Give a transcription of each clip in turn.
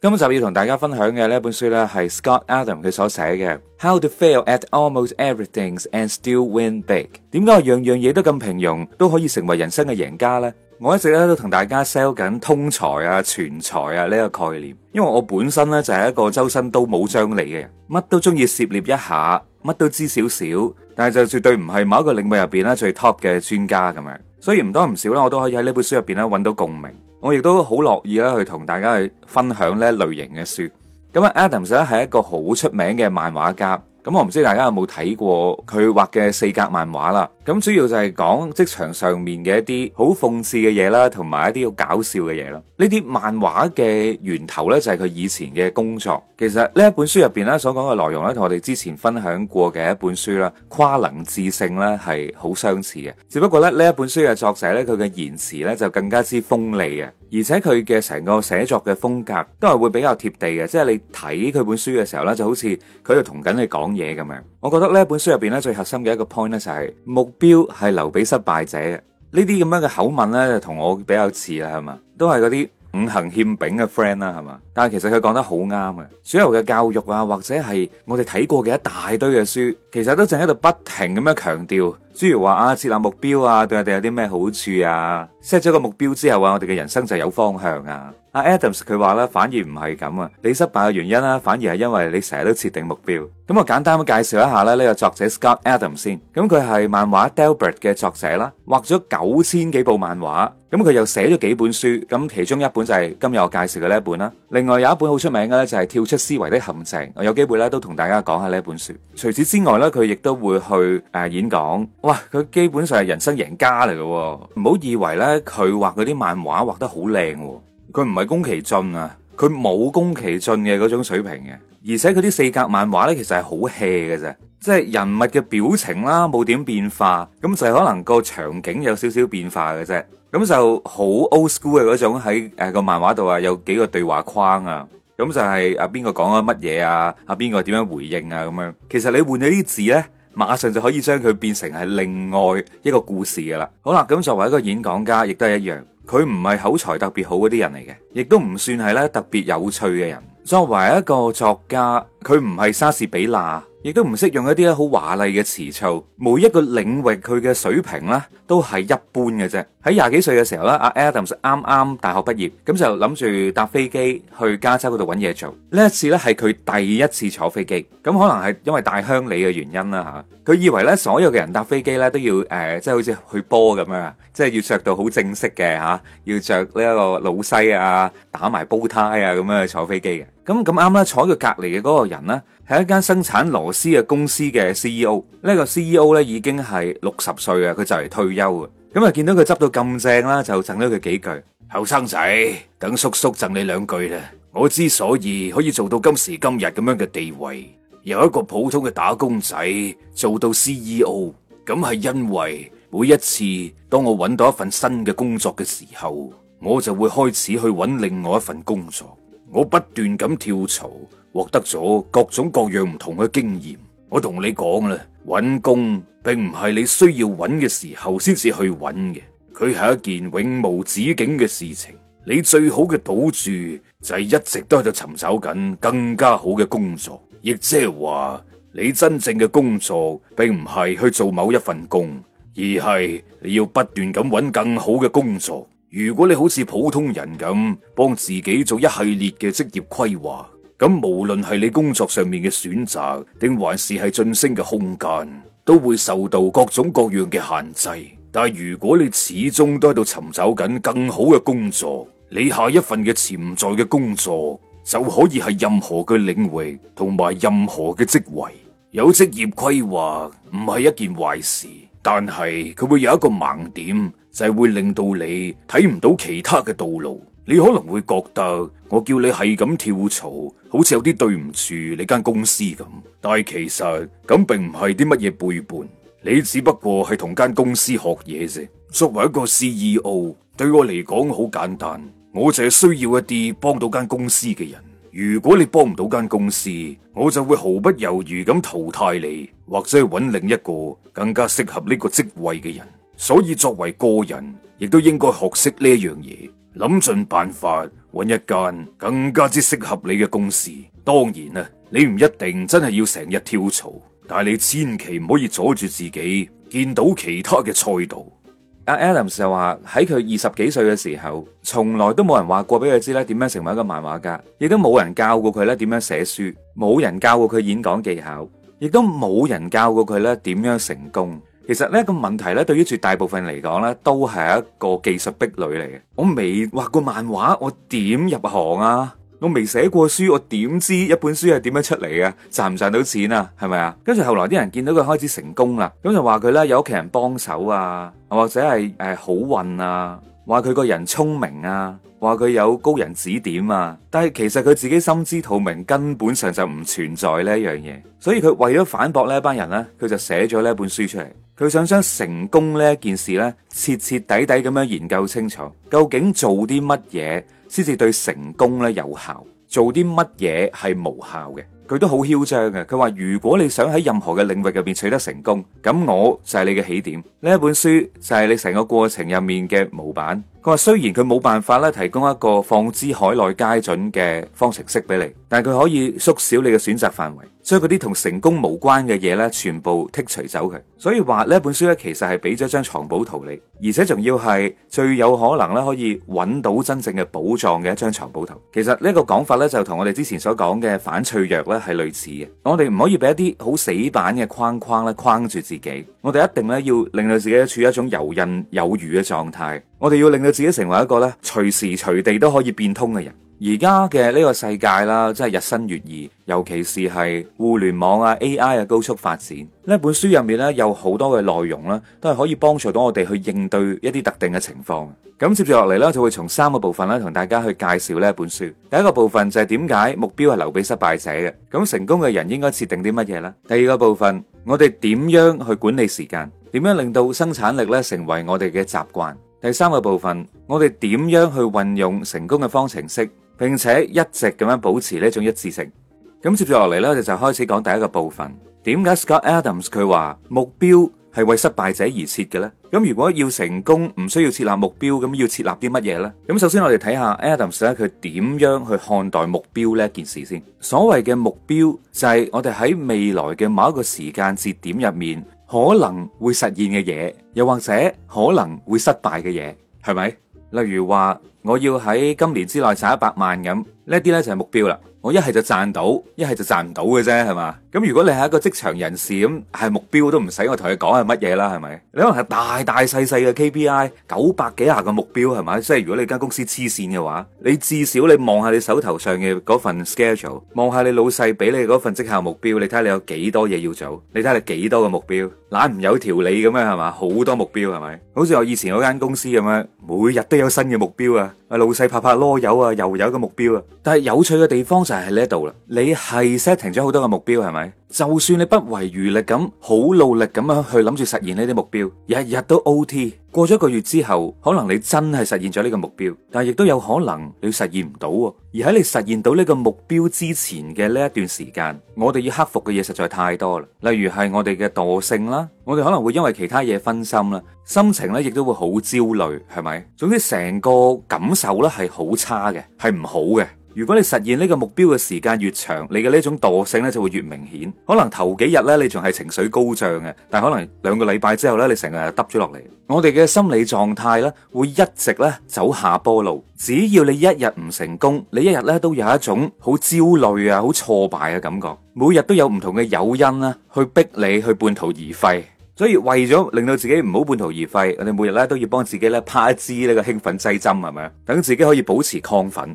今集要同大家分享嘅呢一本書咧，係 Scott Adam 佢所寫嘅《How to Fail at Almost Everything and Still Win Big》。點解我樣樣嘢都咁平庸都可以成為人生嘅贏家咧？我一直咧都同大家 sell 緊通才啊、全才啊呢個概念，因為我本身咧就係一個周身刀冇張利嚟嘅人，乜都中意涉獵一下，乜都知少少，但係就絕對唔係某一個領域入邊咧最 top 嘅專家咁樣。所以唔多唔少啦，我都可以喺呢本書入邊咧搵到共鳴。我亦都好樂意啦，去同大家去分享呢一類型嘅書。咁啊，Adams 咧係一個好出名嘅漫畫家。咁我唔知大家有冇睇過佢畫嘅四格漫畫啦。咁主要就係講職場上面嘅一啲好諷刺嘅嘢啦，同埋一啲好搞笑嘅嘢咯。呢啲漫畫嘅源頭呢，就係佢以前嘅工作。其實呢一本書入邊咧所講嘅內容呢，同我哋之前分享過嘅一本書啦，跨能致勝呢係好相似嘅。只不過咧呢一本書嘅作者呢，佢嘅言辭呢，就更加之鋒利嘅。而且佢嘅成個寫作嘅風格都係會比較貼地嘅，即係你睇佢本書嘅時候呢，就好似佢就同緊你講嘢咁樣。我覺得呢本書入邊呢，最核心嘅一個 point 呢，就係目標係留俾失敗者嘅。呢啲咁樣嘅口吻呢，就同我比較似啦，係嘛，都係嗰啲五行欠丙嘅 friend 啦，係嘛。但係其實佢講得好啱嘅，所有嘅教育啊，或者係我哋睇過嘅一大堆嘅書，其實都正喺度不停咁樣強調，諸如話啊設立目標啊，對我哋有啲咩好處啊？set 咗個目標之後啊，我哋嘅人生就有方向啊！阿 Adams 佢話咧，反而唔係咁啊，你失敗嘅原因啦，反而係因為你成日都設定目標。咁我，簡單介紹一下咧呢個作者 Scott Adams 先，咁佢係漫畫 Delbert 嘅作者啦，畫咗九千幾部漫畫，咁佢又寫咗幾本書，咁其中一本就係今日我介紹嘅呢一本啦，另。另外有一本好出名嘅咧，就是，就係跳出思維的陷阱。我有機會咧都同大家講下呢一本書。除此之外咧，佢亦都會去誒、呃、演講。哇，佢基本上係人生贏家嚟嘅、哦。唔好以為咧佢畫嗰啲漫畫畫得好靚、哦。佢唔係宮崎駿啊，佢冇宮崎駿嘅嗰種水平嘅。而且佢啲四格漫畫咧，其實係好 hea 嘅啫。即係人物嘅表情啦，冇點變化，咁就係可能個場景有少少變化嘅啫。咁就好 old school 嘅嗰種喺誒個漫畫度啊，有幾個對話框啊，咁就係阿邊個講咗乜嘢啊，阿邊個點樣回應啊，咁樣。其實你換咗啲字呢，馬上就可以將佢變成係另外一個故事噶啦。好啦，咁作為一個演講家，亦都係一樣，佢唔係口才特別好嗰啲人嚟嘅，亦都唔算係咧特別有趣嘅人。作為一個作家，佢唔係莎士比亞，亦都唔識用一啲好華麗嘅詞藻，每一個領域佢嘅水平呢，都係一般嘅啫。喺廿幾歲嘅時候咧，阿 Adams 啱啱大學畢業，咁就諗住搭飛機去加州嗰度搵嘢做。呢一次咧係佢第一次坐飛機，咁可能係因為大鄉里嘅原因啦吓。佢以為咧所有嘅人搭飛機咧都要誒，即係好似去波咁樣，即係要着到好正式嘅吓，要着呢一個老西啊，打埋煲呔啊咁樣去坐飛機嘅。咁咁啱咧，坐佢隔籬嘅嗰個人咧，係一間生產螺絲嘅公司嘅 CEO。呢個 CEO 咧已經係六十歲啊，佢就嚟退休嘅。咁啊！見到佢執到咁正啦，就贈咗佢幾句。後生仔，等叔叔贈你兩句啦。我之所以可以做到今時今日咁樣嘅地位，由一個普通嘅打工仔做到 CEO，咁係因為每一次當我搵到一份新嘅工作嘅時候，我就會開始去搵另外一份工作。我不斷咁跳槽，獲得咗各種各樣唔同嘅經驗。我同你講啦。揾工並唔係你需要揾嘅時候先至去揾嘅，佢係一件永無止境嘅事情。你最好嘅賭注就係一直都喺度尋找緊更加好嘅工作，亦即係話你真正嘅工作並唔係去做某一份工，而係你要不斷咁揾更好嘅工作。如果你好似普通人咁幫自己做一系列嘅職業規劃，咁無論係你工作上面嘅選擇，定還是係晉升嘅空間，都會受到各種各樣嘅限制。但如果你始終都喺度尋找緊更好嘅工作，你下一份嘅潛在嘅工作就可以係任何嘅領域同埋任何嘅職位。有職業規劃唔係一件壞事，但係佢會有一個盲點，就係會令到你睇唔到其他嘅道路。你可能會覺得我叫你係咁跳槽，好似有啲對唔住你間公司咁。但係其實咁並唔係啲乜嘢背叛，你只不過係同間公司學嘢啫。作為一個 CEO，對我嚟講好簡單，我就係需要一啲幫到間公司嘅人。如果你幫唔到間公司，我就會毫不猶豫咁淘汰你，或者去搵另一個更加適合呢個職位嘅人。所以作為個人，亦都應該學識呢樣嘢。諗盡辦法揾一間更加之適合你嘅公司。當然啊，你唔一定真係要成日跳槽，但係你千祈唔可以阻住自己見到其他嘅賽道。阿 Adams 就話喺佢二十幾歲嘅時候，從來都冇人話過俾佢知咧點樣成為一個漫畫家，亦都冇人教過佢咧點樣寫書，冇人教過佢演講技巧，亦都冇人教過佢咧點樣成功。其實呢個問題呢，對於絕大部分嚟講呢，都係一個技術壁壘嚟嘅。我未畫過漫畫，我點入行啊？我未寫過書，我點知一本書係點樣出嚟啊？賺唔賺到錢啊？係咪啊？跟住後來啲人見到佢開始成功啦，咁就話佢呢有屋企人幫手啊，或者係誒好運啊，話佢個人聰明啊。話佢有高人指點啊，但係其實佢自己心知肚明，根本上就唔存在呢一樣嘢。所以佢為咗反駁呢一班人呢，佢就寫咗呢一本書出嚟。佢想將成功呢一件事呢，徹徹底底咁樣研究清楚，究竟做啲乜嘢先至對成功呢有效，做啲乜嘢係無效嘅。佢都好囂張嘅，佢話如果你想喺任何嘅領域入面取得成功，咁我就係你嘅起點。呢一本書就係你成個過程入面嘅模板。佢話雖然佢冇辦法咧提供一個放之海內皆準嘅方程式俾你，但係佢可以縮小你嘅選擇範圍，將嗰啲同成功無關嘅嘢咧全部剔除走佢。所以話呢本書咧，其實係俾咗一張藏寶圖你，而且仲要係最有可能咧可以揾到真正嘅寶藏嘅一張藏寶圖。其實呢個講法咧就同我哋之前所講嘅反脆弱咧係類似嘅。我哋唔可以俾一啲好死板嘅框框咧框住自己，我哋一定咧要令到自己處於一種游刃有餘嘅狀態。我哋要令到自己成為一個咧隨時隨地都可以變通嘅人。而家嘅呢個世界啦，真係日新月異，尤其是係互聯網啊、A.I. 啊、高速發展。呢本書入面咧，有好多嘅內容啦，都係可以幫助到我哋去應對一啲特定嘅情況。咁，接住落嚟咧，就會從三個部分咧，同大家去介紹呢一本書。第一個部分就係點解目標係留俾失敗者嘅？咁成功嘅人應該設定啲乜嘢呢？第二個部分，我哋點樣去管理時間？點樣令到生產力咧成為我哋嘅習慣？第三個部分，我哋點樣去運用成功嘅方程式，並且一直咁樣保持呢種一致性。咁接住落嚟咧，我哋就開始講第一個部分。點解 Scott Adams 佢話目標係為失敗者而設嘅咧？咁如果要成功，唔需要設立目標，咁要設立啲乜嘢咧？咁首先我哋睇下 Adams 咧，佢點樣去看待目標呢件事先。所謂嘅目標就係我哋喺未來嘅某一個時間節點入面。可能會實現嘅嘢，又或者可能會失敗嘅嘢，係咪？例如話，我要喺今年之內賺一百萬咁，呢啲呢就係目標啦。我一係就賺到，一係就賺唔到嘅啫，係嘛？咁如果你係一個職場人士，咁係目標都唔使我同你講係乜嘢啦，係咪？你可能係大大細細嘅 KPI，九百幾下個目標係嘛？即係如果你間公司黐線嘅話，你至少你望下你手頭上嘅嗰份 schedule，望下你老細俾你嗰份績效目標，你睇下你有幾多嘢要做，你睇下你幾多個目標，懶唔有條理咁樣係嘛？好多目標係咪？好似我以前嗰間公司咁樣啊，每日都有新嘅目標啊，阿老細拍拍囉柚啊，又有個目標啊，但係有趣嘅地方，就喺呢一度啦，你係 setting 咗好多嘅目標，係咪？就算你不遺餘力咁好努力咁樣去諗住實現呢啲目標，日日都 OT，過咗一個月之後，可能你真係實現咗呢個目標，但係亦都有可能你實現唔到。而喺你實現到呢個目標之前嘅呢一段時間，我哋要克服嘅嘢實在太多啦，例如係我哋嘅惰性啦，我哋可能會因為其他嘢分心啦，心情咧亦都會好焦慮，係咪？總之成個感受咧係好差嘅，係唔好嘅。如果你實現呢個目標嘅時間越長，你嘅呢種惰性咧就會越明顯。可能頭幾日咧你仲係情緒高漲嘅，但可能兩個禮拜之後咧，你成日耷咗落嚟。我哋嘅心理狀態咧會一直咧走下坡路。只要你一日唔成功，你一日咧都有一種好焦慮啊、好挫敗嘅感覺。每日都有唔同嘅誘因啦，去逼你去半途而廢。所以為咗令到自己唔好半途而廢，我哋每日咧都要幫自己咧拍一支呢個興奮劑針，係咪？等自己可以保持亢奮。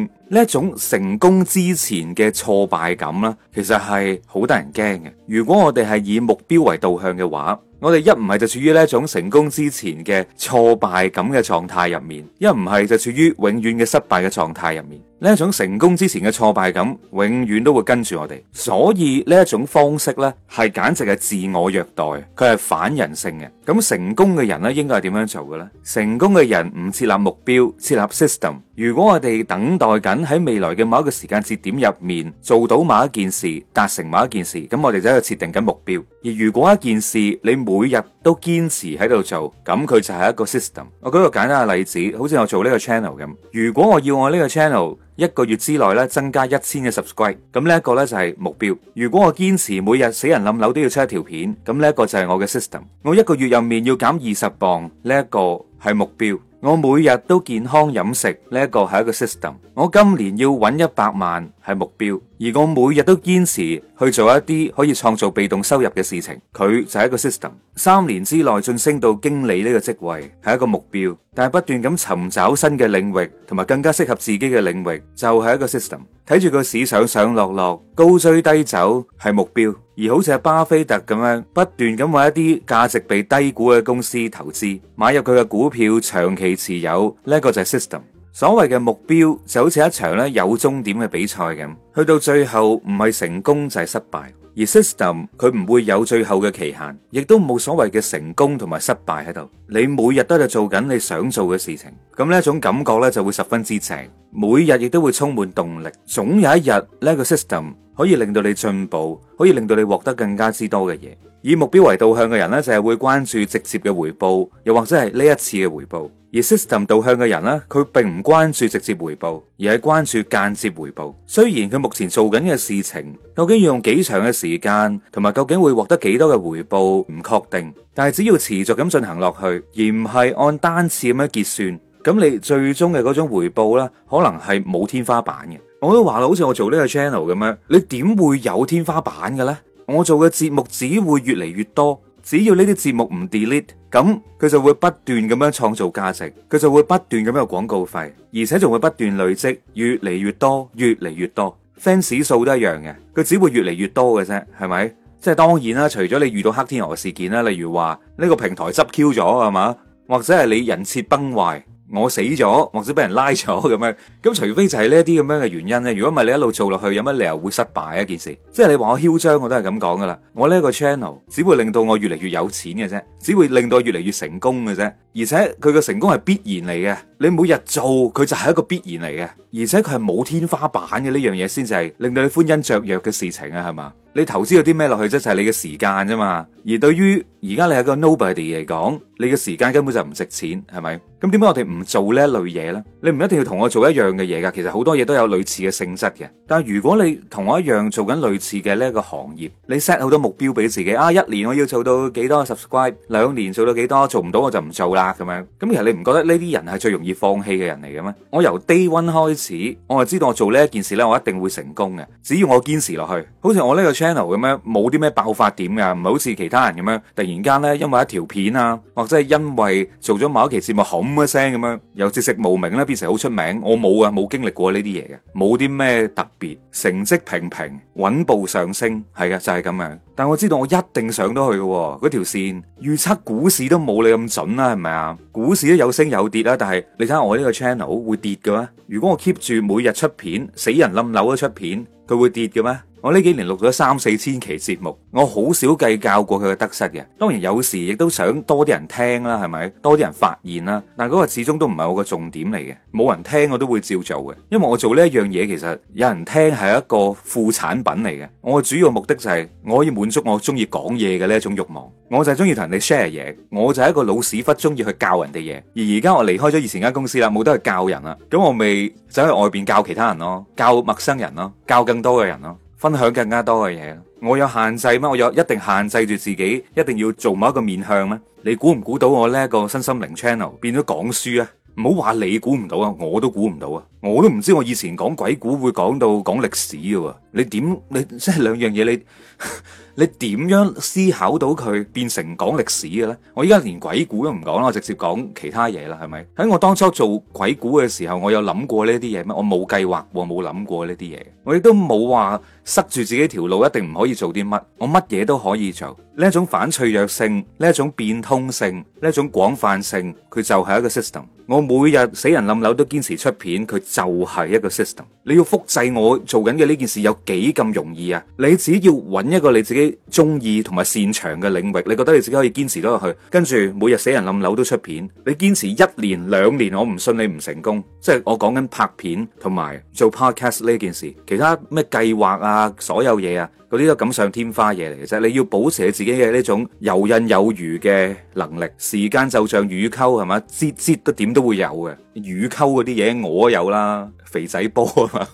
呢一種成功之前嘅挫敗感啦，其實係好得人驚嘅。如果我哋係以目標為導向嘅話。我哋一唔係就處於呢一種成功之前嘅挫敗感嘅狀態入面，一唔係就處於永遠嘅失敗嘅狀態入面。呢一種成功之前嘅挫敗感，永遠都會跟住我哋。所以呢一種方式呢，係簡直係自我虐待，佢係反人性嘅。咁成功嘅人呢，應該係點樣做嘅呢？成功嘅人唔設立目標，設立 system。如果我哋等待緊喺未來嘅某一個時間節點入面做到某一件事，達成某一件事，咁我哋就喺度設定緊目標。而如果一件事你每日都堅持喺度做，咁佢就係一個 system。我舉個簡單嘅例子，好似我做呢個 channel 咁。如果我要我呢個 channel 一個月之內咧增加一千嘅 subscribe，咁呢一個咧就係目標。如果我堅持每日死人冧樓都要出一條片，咁呢一個就係我嘅 system。我一個月入面要減二十磅，呢一個係目標。我每日都健康飲食，呢、這、一個係一個 system。我今年要搵一百萬係目標，而我每日都堅持去做一啲可以創造被動收入嘅事情，佢就係一個 system。三年之內晉升到經理呢個職位係一個目標，但係不斷咁尋找新嘅領域同埋更加適合自己嘅領域就係、是、一個 system。睇住個市上上落落，高追低走係目標。而好似巴菲特咁樣，不斷咁搵一啲價值被低估嘅公司投資，買入佢嘅股票，長期持有，呢、這、一個就係 system。所謂嘅目標就好似一場咧有終點嘅比賽咁，去到最後唔係成功就係、是、失敗。而 system 佢唔會有最後嘅期限，亦都冇所謂嘅成功同埋失敗喺度。你每日都係做緊你想做嘅事情，咁呢一種感覺咧就會十分之正，每日亦都會充滿動力。總有一日呢、這個 system。可以令到你進步，可以令到你獲得更加之多嘅嘢。以目標為導向嘅人呢，就係會關注直接嘅回報，又或者係呢一次嘅回報。而 system 導向嘅人呢，佢並唔關注直接回報，而係關注間接回報。雖然佢目前做緊嘅事情，究竟要用幾長嘅時間，同埋究竟會獲得幾多嘅回報唔確定，但係只要持續咁進行落去，而唔係按單次咁樣結算，咁你最終嘅嗰種回報呢，可能係冇天花板嘅。我都話啦，好似我做呢個 channel 咁樣，你點會有天花板嘅呢？我做嘅節目只會越嚟越多，只要呢啲節目唔 delete，咁佢就會不斷咁樣創造價值，佢就會不斷咁樣有廣告費，而且仲會不斷累積，越嚟越多，越嚟越多 fans 數都一樣嘅，佢只會越嚟越多嘅啫，係咪？即係當然啦，除咗你遇到黑天鵝事件啦，例如話呢個平台執 Q 咗係嘛，或者係你人設崩壞。我死咗，或者俾人拉咗咁樣，咁除非就係呢啲咁樣嘅原因咧。如果唔係你一路做落去，有乜理由會失敗一件事？即係你話我囂張，我都係咁講噶啦。我呢一個 channel 只會令到我越嚟越有錢嘅啫，只會令到我越嚟越成功嘅啫。而且佢嘅成功係必然嚟嘅，你每日做佢就係一個必然嚟嘅，而且佢係冇天花板嘅呢樣嘢先至係令到你歡欣雀躍嘅事情啊，係嘛？你投資咗啲咩落去啫？就係你嘅時間啫嘛。而對於而家你係一個 nobody 嚟講，你嘅時間根本就唔值錢，係咪？咁點解我哋唔做呢一類嘢咧？你唔一定要同我做一樣嘅嘢噶，其實好多嘢都有類似嘅性質嘅。但係如果你同我一樣做緊類似嘅呢一個行業，你 set 好多目標俾自己啊，一年我要做到幾多 subscribe，兩年做到幾多，做唔到我就唔做啦。咁樣，咁其實你唔覺得呢啲人係最容易放棄嘅人嚟嘅咩？我由 day one 開始，我就知道我做呢一件事呢，我一定會成功嘅。只要我堅持落去，好似我呢個 channel 咁樣，冇啲咩爆發點噶，唔係好似其他人咁樣突然間呢，因為一條片啊，或者係因為做咗某一期節目聲，轟一聲咁樣由籍籍無名，咧變成好出名。我冇啊，冇經歷過呢啲嘢嘅，冇啲咩特別，成績平平，穩步上升，係嘅就係、是、咁樣。但我知道我一定上到去嘅，嗰條線預測股市都冇你咁準啦，係咪？啊，股市都有升有跌啦，但係你睇下我呢個 channel 會跌嘅咩？如果我 keep 住每日出片，死人冧樓都出片，佢會跌嘅咩？我呢幾年錄咗三四千期節目，我好少計較過佢嘅得失嘅。當然有時亦都想多啲人聽啦，係咪多啲人發現啦？但係嗰個始終都唔係我個重點嚟嘅。冇人聽我都會照做嘅，因為我做呢一樣嘢其實有人聽係一個副產品嚟嘅。我主要目的就係、是、我可以滿足我中意講嘢嘅呢一種慾望。我就係中意同人哋 share 嘢，我就係一個老屎忽中意去教人哋嘢。而而家我離開咗以前間公司啦，冇得去教人啦，咁我咪走去外邊教其他人咯，教陌生人咯，教更多嘅人咯。分享更加多嘅嘢，我有限制咩？我有一定限制住自己，一定要做某一個面向咩？你估唔估到我呢一、這個身心靈 channel 變咗講書啊？唔好話你估唔到啊，我都估唔到啊！我都唔知我以前講鬼故會講到講歷史嘅、啊，你點你即係兩樣嘢你 你點樣思考到佢變成講歷史嘅咧？我依家連鬼故都唔講啦，我直接講其他嘢啦，係咪？喺我當初做鬼故嘅時候，我有諗過呢啲嘢咩？我冇計劃，冇諗過呢啲嘢，我亦都冇話。塞住自己條路，一定唔可以做啲乜，我乜嘢都可以做。呢一種反脆弱性，呢一種變通性，呢一種廣泛性，佢就係一個 system。我每日死人冧樓都堅持出片，佢就係一個 system。你要複製我做緊嘅呢件事有幾咁容易啊？你只要揾一個你自己中意同埋擅長嘅領域，你覺得你自己可以堅持到落去，跟住每日死人冧樓都出片，你堅持一年兩年，我唔信你唔成功。即係我講緊拍片同埋做 podcast 呢件事，其他咩計劃啊？所有嘢啊，嗰啲都錦上添花嘢嚟嘅啫。你要保持自己嘅呢種遊刃有餘嘅能力。時間就像乳溝係咪？擠擠都點都會有嘅。乳溝嗰啲嘢我有啦，肥仔波啊嘛，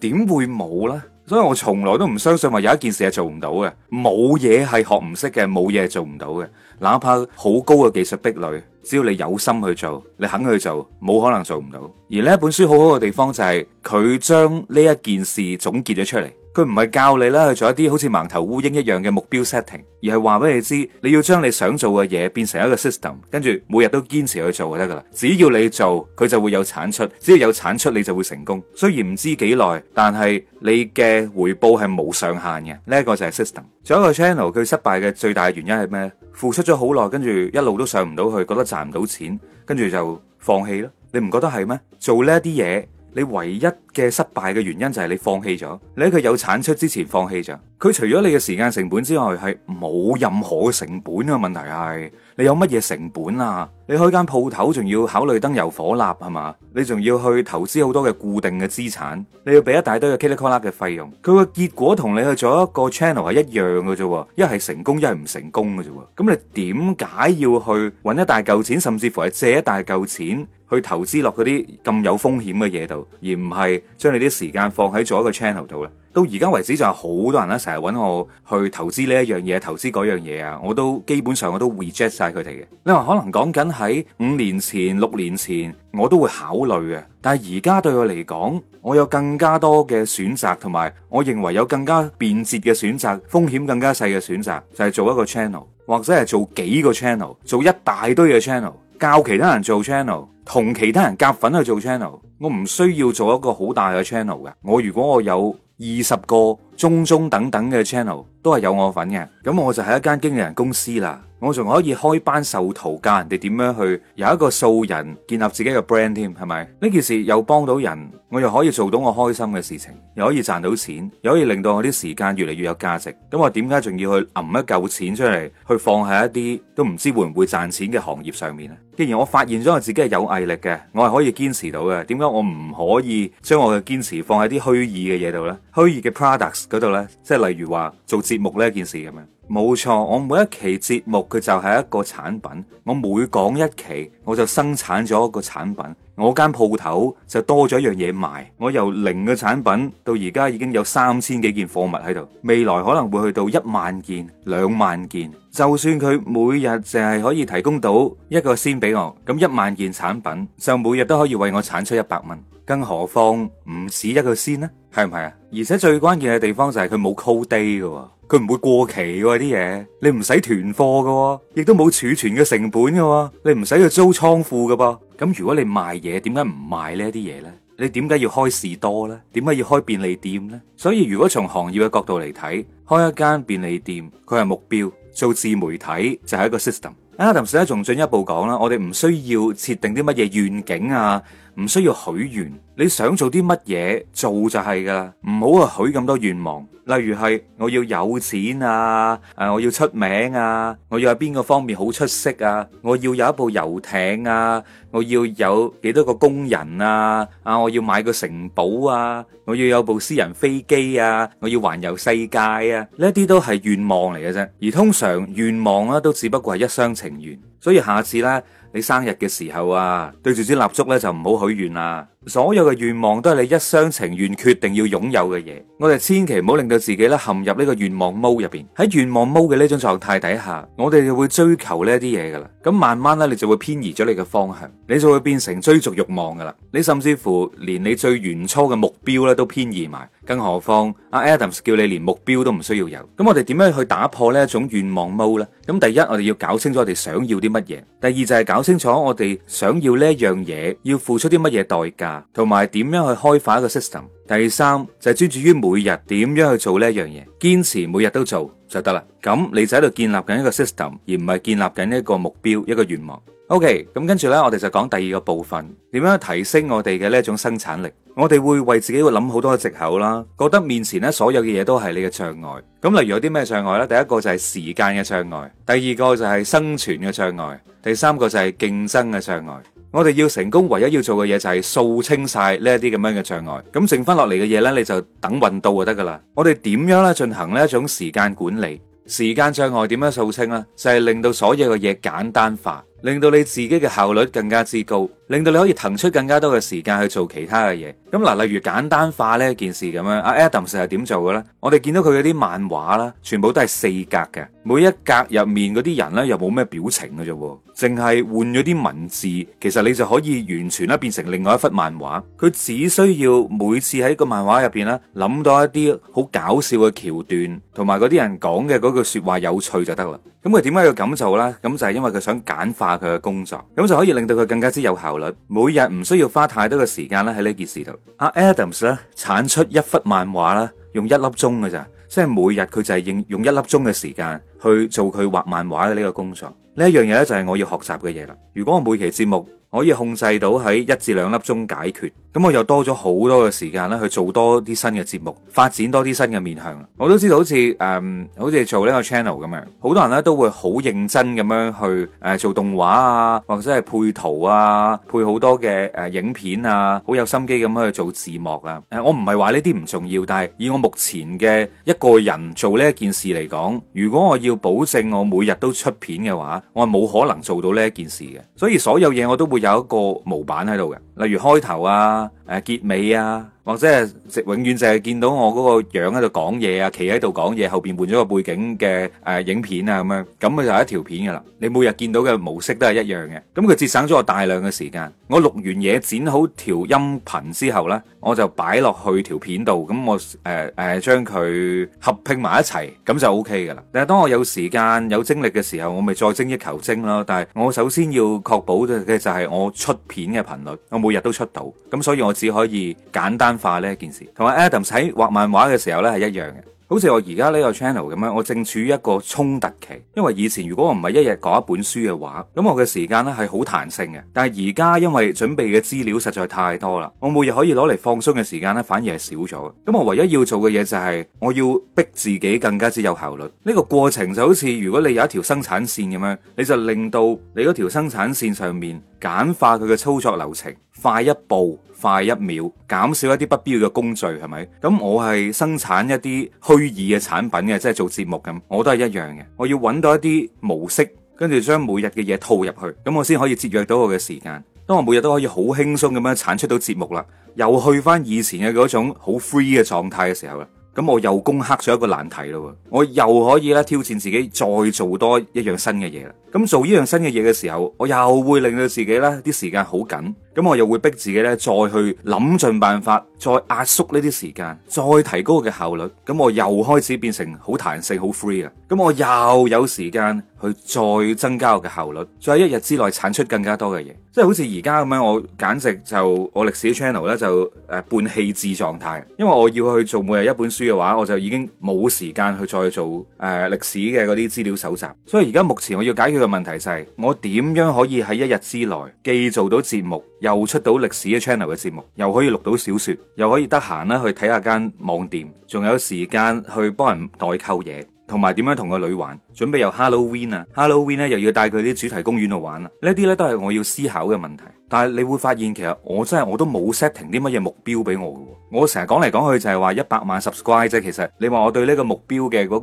點 會冇呢？所以我從來都唔相信話有一件事係做唔到嘅，冇嘢係學唔識嘅，冇嘢係做唔到嘅。哪怕好高嘅技術壁壘，只要你有心去做，你肯去做，冇可能做唔到。而呢本書好好嘅地方就係，是，佢將呢一件事總結咗出嚟。佢唔係教你啦，去做一啲好似盲頭烏蠅一樣嘅目標 setting，而係話俾你知，你要將你想做嘅嘢變成一個 system，跟住每日都堅持去做就得噶啦。只要你做，佢就會有產出，只要有產出，你就會成功。雖然唔知幾耐，但係你嘅回報係冇上限嘅。呢一個就係 system。仲有一個 channel，佢失敗嘅最大原因係咩？付出咗好耐，跟住一路都上唔到去，覺得賺唔到錢，跟住就放棄咯。你唔覺得係咩？做呢一啲嘢，你唯一。嘅失敗嘅原因就係你放棄咗，你喺佢有產出之前放棄咗。佢除咗你嘅時間成本之外，係冇任何成本嘅。問題係你有乜嘢成本啊？你開間鋪頭仲要考慮燈油火蠟係嘛？你仲要去投資好多嘅固定嘅資產，你要俾一大堆嘅 kilo kola 嘅費用。佢個結果同你去做一個 channel 係一樣㗎啫，一係成功一係唔成功㗎啫。咁你點解要去揾一大嚿錢，甚至乎係借一大嚿錢去投資落嗰啲咁有風險嘅嘢度，而唔係？將你啲時間放喺做一個 channel 度咧，到而家為止就係好多人啦，成日揾我去投資呢一樣嘢，投資嗰樣嘢啊，我都基本上我都 reject 晒佢哋嘅。你話可能講緊喺五年前、六年前，我都會考慮嘅，但係而家對我嚟講，我有更加多嘅選擇，同埋我認為有更加便捷嘅選擇，風險更加細嘅選擇，就係做一個 channel，或者係做幾個 channel，做一大堆嘅 channel，教其他人做 channel，同其他人夾份去做 channel。我唔需要做一個好大嘅 channel 嘅，我如果我有二十個中中等等嘅 channel，都係有我的份嘅，咁我就係一間經紀人公司啦。我仲可以開班授徒，教人哋點樣去有一個素人建立自己嘅 brand 添，係咪？呢件事又幫到人，我又可以做到我開心嘅事情，又可以賺到錢，又可以令到我啲時間越嚟越有價值。咁我點解仲要去揞一嚿錢出嚟，去放喺一啲都唔知會唔會賺錢嘅行業上面咧？既然我發現咗我自己係有毅力嘅，我係可以堅持到嘅，點解我唔可以將我嘅堅持放喺啲虛擬嘅嘢度咧？虛擬嘅 products 度咧，即係例如話做節目呢件事咁樣，冇錯，我每一期節目佢就係一個產品，我每講一期，我就生產咗一個產品，我間鋪頭就多咗一樣嘢賣，我由零嘅產品到而家已經有三千幾件貨物喺度，未來可能會去到一萬件、兩萬件，就算佢每日淨係可以提供到一個先俾我，咁一萬件產品就每日都可以為我產出一百蚊。更何況唔使一個先呢？係唔係啊？而且最關鍵嘅地方就係佢冇 cold day 嘅。佢唔會過期啲嘢，你唔使囤貨㗎喎，亦都冇儲存嘅成本㗎喎，你唔使去租倉庫嘅噃。咁如果你賣嘢，點解唔賣呢啲嘢呢？你點解要開士多呢？點解要開便利店呢？所以如果從行業嘅角度嚟睇，開一間便利店佢係目標，做自媒體就係一個 system。Adams 仲進一步講啦，我哋唔需要設定啲乜嘢願景啊，唔需要許願，你想做啲乜嘢做就係噶啦，唔好去許咁多願望。例如係我要有錢啊，啊我要出名啊，我要喺邊個方面好出色啊，我要有一部遊艇啊，我要有幾多個工人啊，啊我要買個城堡啊，我要有部私人飛機啊，我要環遊世界啊，呢啲都係願望嚟嘅啫，而通常願望啦都只不過係一廂情願，所以下次咧你生日嘅時候啊，對住支蠟燭咧就唔好許願啦。所有嘅願望都係你一廂情願決定要擁有嘅嘢，我哋千祈唔好令到自己咧陷入呢個願望 mode 入邊。喺願望 mode 嘅呢種狀態底下，我哋就會追求呢一啲嘢噶啦。咁慢慢咧，你就會偏移咗你嘅方向，你就會變成追逐欲望噶啦。你甚至乎連你最原初嘅目標咧都偏移埋，更何況阿 Adams 叫你連目標都唔需要有。咁我哋點樣去打破呢一種願望 mode 咧？咁第一，我哋要搞清楚我哋想要啲乜嘢；第二就係搞清楚我哋想要呢一樣嘢要付出啲乜嘢代價。同埋點樣去開發一個 system？第三就係專注於每日點樣去做呢一樣嘢，堅持每日都做就得啦。咁你就喺度建立緊一個 system，而唔係建立緊一個目標一個願望。OK，咁跟住咧，我哋就講第二個部分，點樣提升我哋嘅呢一種生產力？我哋會為自己會諗好多借口啦，覺得面前咧所有嘅嘢都係你嘅障礙。咁例如有啲咩障礙呢？第一個就係時間嘅障礙，第二個就係生存嘅障礙，第三個就係競爭嘅障礙。我哋要成功，唯一要做嘅嘢就係掃清晒呢一啲咁樣嘅障礙，咁剩翻落嚟嘅嘢呢，你就等運到就得噶啦。我哋點樣呢進行呢一種時間管理？時間障礙點樣掃清啊？就係、是、令到所有嘅嘢簡單化。令到你自己嘅效率更加之高，令到你可以騰出更加多嘅時間去做其他嘅嘢。咁、啊、嗱，例如簡單化呢一件事咁樣，阿 Adam 成係點做嘅咧？我哋見到佢嗰啲漫畫啦，全部都係四格嘅，每一格入面嗰啲人咧又冇咩表情嘅啫，淨係換咗啲文字，其實你就可以完全啦變成另外一幅漫畫。佢只需要每次喺個漫畫入邊咧，諗到一啲好搞笑嘅橋段，同埋嗰啲人講嘅嗰句說話有趣就得啦。咁佢點解要咁做咧？咁就係因為佢想簡化。佢嘅工作咁就可以令到佢更加之有效率，每日唔需要花太多嘅時間咧喺呢件事度。阿 Adams 咧產出一幅漫畫啦，用一粒鐘㗎咋，即係每日佢就係用用一粒鐘嘅時間去做佢畫漫畫嘅呢個工作。呢一樣嘢咧就係我要學習嘅嘢啦。如果我每期節目，可以控制到喺一至兩粒鐘解決，咁我又多咗好多嘅時間咧去做多啲新嘅節目，發展多啲新嘅面向。我都知道好似誒、呃，好似做呢個 channel 咁樣，好多人咧都會好認真咁樣去誒、呃、做動畫啊，或者係配圖配、呃、啊，配好多嘅誒影片啊，好有心機咁去做字幕啊。誒、呃，我唔係話呢啲唔重要，但係以我目前嘅一個人做呢一件事嚟講，如果我要保證我每日都出片嘅話，我係冇可能做到呢一件事嘅。所以所有嘢我都會。有一個模板喺度嘅。例如開頭啊、誒結尾啊，或者係永遠就係見到我嗰個樣喺度講嘢啊，企喺度講嘢，後邊換咗個背景嘅誒、呃、影片啊，咁樣咁佢就一條片噶啦。你每日見到嘅模式都係一樣嘅，咁佢節省咗我大量嘅時間。我錄完嘢、剪好條音頻之後呢，我就擺落去條片度，咁我誒誒、呃呃、將佢合拼埋一齊，咁就 OK 噶啦。但係當我有時間、有精力嘅時候，我咪再精益求精啦。但係我首先要確保嘅就係我出片嘅頻率，每日都出到，咁所以我只可以簡單化呢一件事，同埋 Adam 喺畫漫畫嘅時候咧係一樣嘅。好似我而家呢個 channel 咁樣，我正處於一個衝突期，因為以前如果我唔係一日講一本書嘅話，咁我嘅時間咧係好彈性嘅。但係而家因為準備嘅資料實在太多啦，我每日可以攞嚟放鬆嘅時間咧反而係少咗。咁我唯一要做嘅嘢就係我要逼自己更加之有效率。呢個過程就好似如果你有一條生產線咁樣，你就令到你嗰條生產線上面簡化佢嘅操作流程，快一步。快一秒，減少一啲不必要嘅工序，係咪？咁我係生產一啲虛擬嘅產品嘅，即係做節目。咁我都係一樣嘅。我要揾到一啲模式，跟住將每日嘅嘢套入去，咁我先可以節約到我嘅時間。當我每日都可以好輕鬆咁樣產出到節目啦，又去返以前嘅嗰種好 free 嘅狀態嘅時候啦，咁我又攻克咗一個難題咯，我又可以咧挑戰自己，再做多一樣新嘅嘢啦。咁做呢樣新嘅嘢嘅時候，我又會令到自己呢啲時間好緊。咁我又會逼自己咧，再去諗盡辦法，再壓縮呢啲時間，再提高我嘅效率。咁我又開始變成好彈性、好 free 啦。咁我又有時間去再增加我嘅效率，再喺一日之內產出更加多嘅嘢。即係好似而家咁樣，我簡直就我歷史 channel 咧就誒、呃、半棄置狀態，因為我要去做每日一本書嘅話，我就已經冇時間去再做誒歷、呃、史嘅嗰啲資料搜集。所以而家目前我要解決嘅問題係、就係，我點樣可以喺一日之內既做到節目？又出到歷史嘅 channel 嘅節目，又可以錄到小說，又可以得閒咧去睇下間網店，仲有時間去幫人代購嘢，同埋點樣同個女玩，準備由 Halloween 啊，Halloween 咧又要帶佢啲主題公園度玩啊。呢啲呢都係我要思考嘅問題。但係你會發現，其實我真係我都冇 setting 啲乜嘢目標俾我嘅，我成日講嚟講去就係話一百萬 subscribe 啫。其實你話我對呢個目標嘅嗰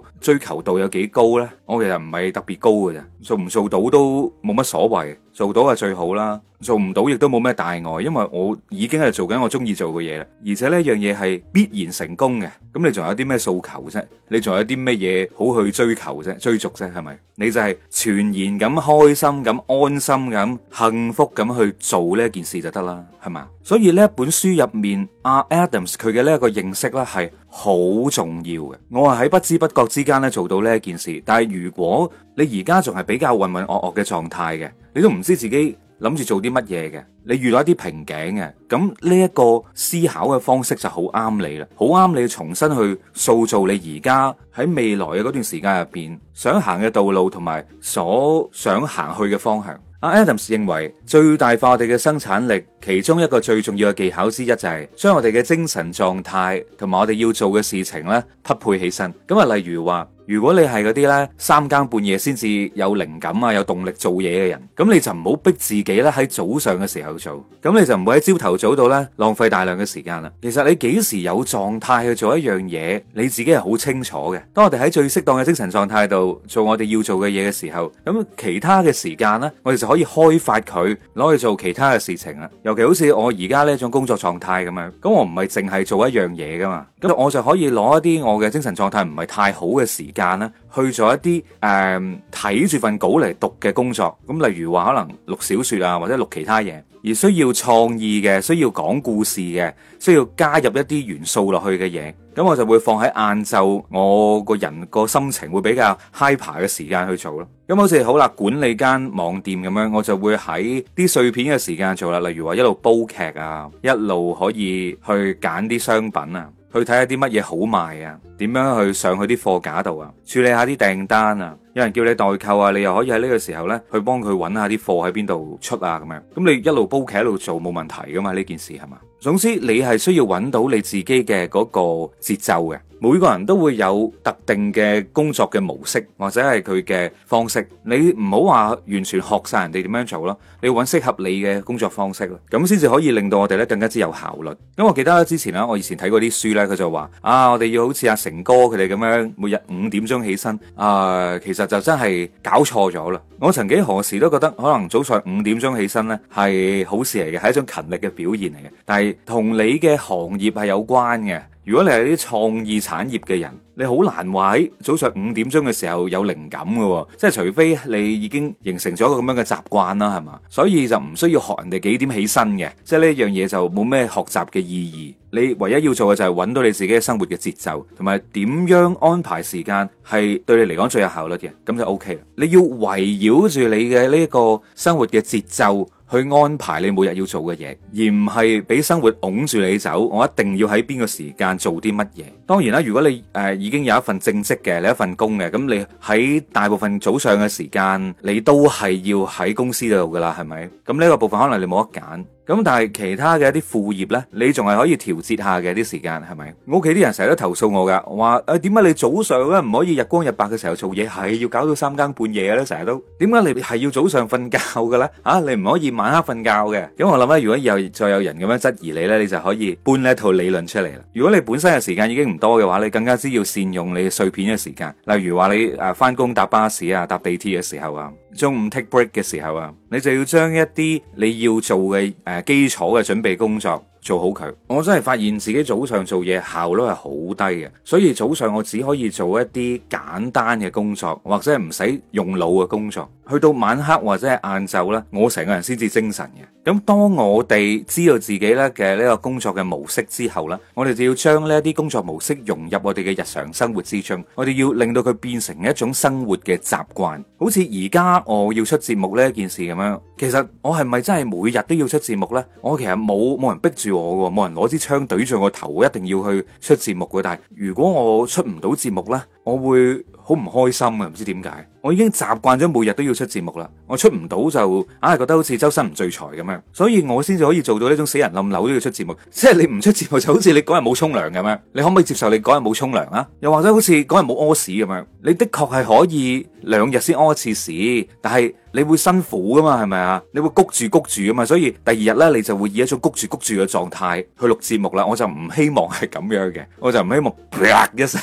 個追求度有幾高呢？我其實唔係特別高嘅啫，做唔做到都冇乜所謂。做到啊，最好啦，做唔到亦都冇咩大礙，因為我已經係做緊我中意做嘅嘢啦，而且呢樣嘢係必然成功嘅，咁你仲有啲咩訴求啫？你仲有啲咩嘢好去追求啫？追逐啫係咪？你就係全然咁開心咁安心咁幸福咁去做呢件事就得啦，係嘛？所以呢本書入面，阿 Adams 佢嘅呢一個認識呢係好重要嘅。我係喺不知不覺之間呢做到呢一件事。但係如果你而家仲係比較渾渾噩噩嘅狀態嘅，你都唔知自己諗住做啲乜嘢嘅，你遇到一啲瓶頸嘅，咁呢一個思考嘅方式就好啱你啦，好啱你重新去塑造你而家喺未來嘅嗰段時間入邊想行嘅道路同埋所想行去嘅方向。阿 Adams 認為最大化我哋嘅生產力，其中一個最重要嘅技巧之一就係將我哋嘅精神狀態同埋我哋要做嘅事情咧匹配起身。咁啊，例如話。如果你係嗰啲呢三更半夜先至有靈感啊，有動力做嘢嘅人，咁你就唔好逼自己呢喺早上嘅時候做，咁你就唔會喺朝頭早到呢浪費大量嘅時間啦。其實你幾時有狀態去做一樣嘢，你自己係好清楚嘅。當我哋喺最適當嘅精神狀態度做我哋要做嘅嘢嘅時候，咁其他嘅時間呢，我哋就可以開發佢攞去做其他嘅事情啦。尤其好似我而家呢一種工作狀態咁樣，咁我唔係淨係做一樣嘢㗎嘛，咁我就可以攞一啲我嘅精神狀態唔係太好嘅時間去做一啲誒睇住份稿嚟讀嘅工作，咁例如話可能錄小說啊，或者錄其他嘢，而需要創意嘅，需要講故事嘅，需要加入一啲元素落去嘅嘢，咁我就會放喺晏晝，我個人個心情會比較 hyper 嘅時間去做咯。咁好似好啦，管理間網店咁樣，我就會喺啲碎片嘅時間做啦，例如話一路煲劇啊，一路可以去揀啲商品啊。去睇下啲乜嘢好賣啊，點樣去上去啲貨架度啊，處理下啲訂單啊，有人叫你代購啊，你又可以喺呢個時候呢，去幫佢揾下啲貨喺邊度出啊咁樣，咁你一路煲劇一路做冇問題噶嘛，呢件事係嘛？總之，你係需要揾到你自己嘅嗰個節奏嘅。每個人都會有特定嘅工作嘅模式，或者係佢嘅方式。你唔好話完全學晒人哋點樣做啦，你要揾適合你嘅工作方式啦，咁先至可以令到我哋咧更加之有效率。咁我記得之前啦，我以前睇過啲書呢，佢就話啊，我哋要好似阿成哥佢哋咁樣每，每日五點鐘起身啊，其實就真係搞錯咗啦。我曾經何時都覺得可能早上五點鐘起身呢係好事嚟嘅，係一種勤力嘅表現嚟嘅，但係。同你嘅行業係有關嘅。如果你係啲創意產業嘅人，你好難話喺早上五點鐘嘅時候有靈感嘅，即係除非你已經形成咗一個咁樣嘅習慣啦，係嘛？所以就唔需要學人哋幾點起身嘅，即係呢樣嘢就冇咩學習嘅意義。你唯一要做嘅就係揾到你自己嘅生活嘅節奏，同埋點樣安排時間係對你嚟講最有效率嘅，咁就 OK 啦。你要圍繞住你嘅呢個生活嘅節奏。去安排你每日要做嘅嘢，而唔係俾生活拱住你走。我一定要喺邊個時間做啲乜嘢？當然啦，如果你誒、呃、已經有一份正式嘅，你一份工嘅，咁你喺大部分早上嘅時間，你都係要喺公司度噶啦，係咪？咁呢個部分可能你冇得揀。咁但係其他嘅一啲副業咧，你仲係可以調節下嘅啲時間，係咪？我屋企啲人成日都投訴我噶，話誒點解你早上咧唔可以日光日白嘅時候做嘢，係要搞到三更半夜咧？成日都點解你係要早上瞓覺嘅咧？吓，你唔可以晚黑瞓覺嘅。咁我諗咧，如果又再有人咁樣質疑你咧，你就可以搬呢一套理論出嚟啦。如果你本身嘅時間已經唔多嘅話，你更加之要善用你碎片嘅時間。例如話你誒翻工搭巴士啊、搭地鐵嘅時候啊、中午 take break 嘅時候啊，你就要將一啲你要做嘅誒。基礎嘅準備工作，做好佢，我真係發現自己早上做嘢效率係好低嘅，所以早上我只可以做一啲簡單嘅工作，或者係唔使用腦嘅工作。去到晚黑或者係晏晝咧，我成個人先至精神嘅。咁當我哋知道自己咧嘅呢個工作嘅模式之後咧，我哋就要將呢一啲工作模式融入我哋嘅日常生活之中，我哋要令到佢變成一種生活嘅習慣。好似而家我要出節目呢一件事咁樣，其實我係咪真係每日都要出節目咧？我其實冇冇人逼住。我冇人攞支槍懟住我頭，我一定要去出節目嘅。但係如果我出唔到節目呢，我會好唔開心呀，唔知點解。我已經習慣咗每日都要出節目啦，我出唔到就硬係覺得好似周身唔聚財咁樣，所以我先至可以做到呢種死人冧樓都要出節目，即係你唔出節目就好似你嗰日冇沖涼咁樣，你可唔可以接受你嗰日冇沖涼啊？又或者好似嗰日冇屙屎咁樣，你的確係可以兩日先屙一次屎，但係你會辛苦噶嘛？係咪啊？你會谷住谷住噶嘛？所以第二日呢，你就會以一種谷住谷住嘅狀態去錄節目啦。我就唔希望係咁樣嘅，我就唔希望啪一聲。